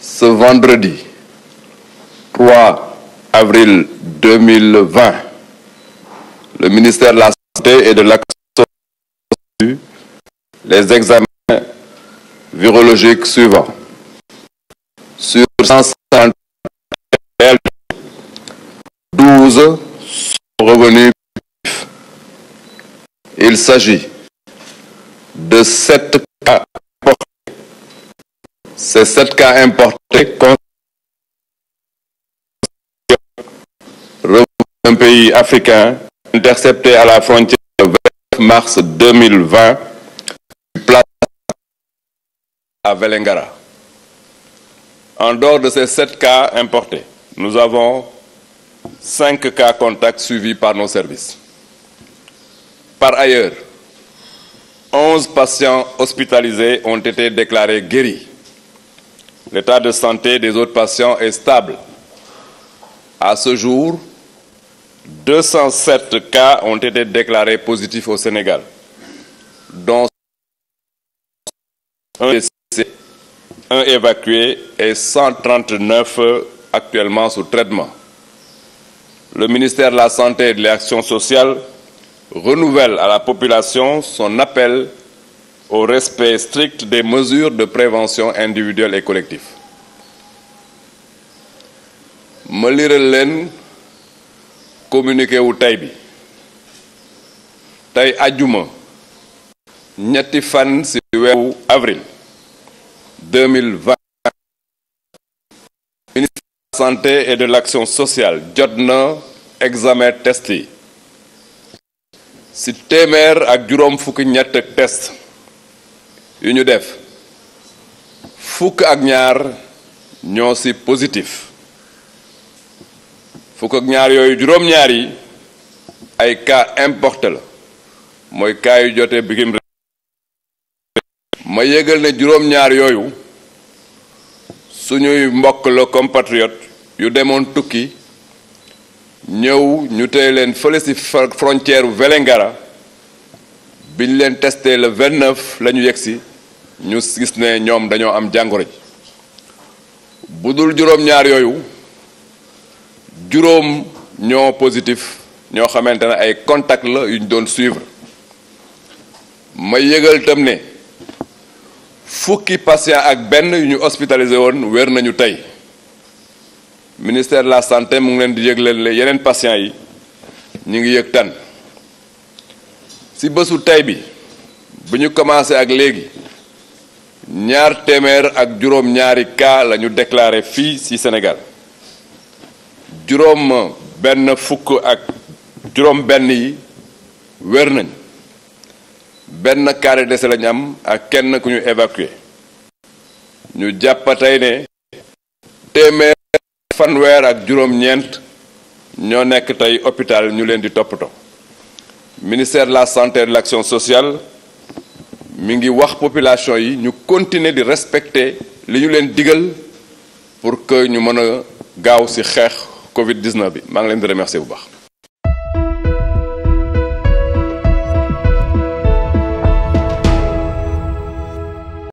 ce vendredi 3 avril 2020, le ministère de la Santé et de l'Action les examens virologiques suivants. Sur 150 12 sont revenus Il s'agit de 7 cas ces sept cas importés contre un pays africain intercepté à la frontière le 29 mars 2020 place à Velengara. En dehors de ces sept cas importés, nous avons cinq cas contacts suivis par nos services. Par ailleurs, 11 patients hospitalisés ont été déclarés guéris L'état de santé des autres patients est stable. À ce jour, 207 cas ont été déclarés positifs au Sénégal, dont un évacué et 139 actuellement sous traitement. Le ministère de la Santé et de l'Action sociale renouvelle à la population son appel au respect strict des mesures de prévention individuelle et collective Molire Len communiquez communiqué Taïbi. Taï bi tey ajjuma avril 2020 ministre de la santé et de l'action sociale jot examen testé, Si ci ak test yu ñu def fukk ak ñaar ñoo ci positif fukk ak ñaar yooyu juróom-ñaar yi ay cas importé la mooy cas yu joté bigim ma yëgal ne juróom-ñaar yoyu suñuy mbokk la compatriote yu demoon tukki ñew ñu tey leen fële ci frontière velengara biñ leen testé le 29 lañu ñu ñu gis ne ñoom dañoo am jàngoro ji bu dul juróom-ñaar yooyu juróom ñoo positif ñoo xamante ne ay contact la yu ñu doon suivre ma yëgal tam ne fukki patient ak benn yu ñu hospitalisé woon wér nañu tey ministère la santé mu ngi leen di yëg leen yeneen patient yi ñu ngi yëg tan ci bésu tey bi bu ñu commencé ak léegi ñaar téeméer ak juróom ñaari cas la ñu déclaré fii ci Sénégal juróom benn fukk ak juróom benn yi wér nañ benn cas de décès ak kenn ku ñu évacué ñu jàppatay ne téeméer fanweer ak juróom-ñeent ñoo nekk tey hôpital ñu leen di toppatoo ministère la santé et de l'action sociale Mingi wax population yi ñu continuer di respecter li ñu leen digal pour que ñu mën a gaaw ci xeex Covid 19 bi maa ngi leen di remercier bu baax.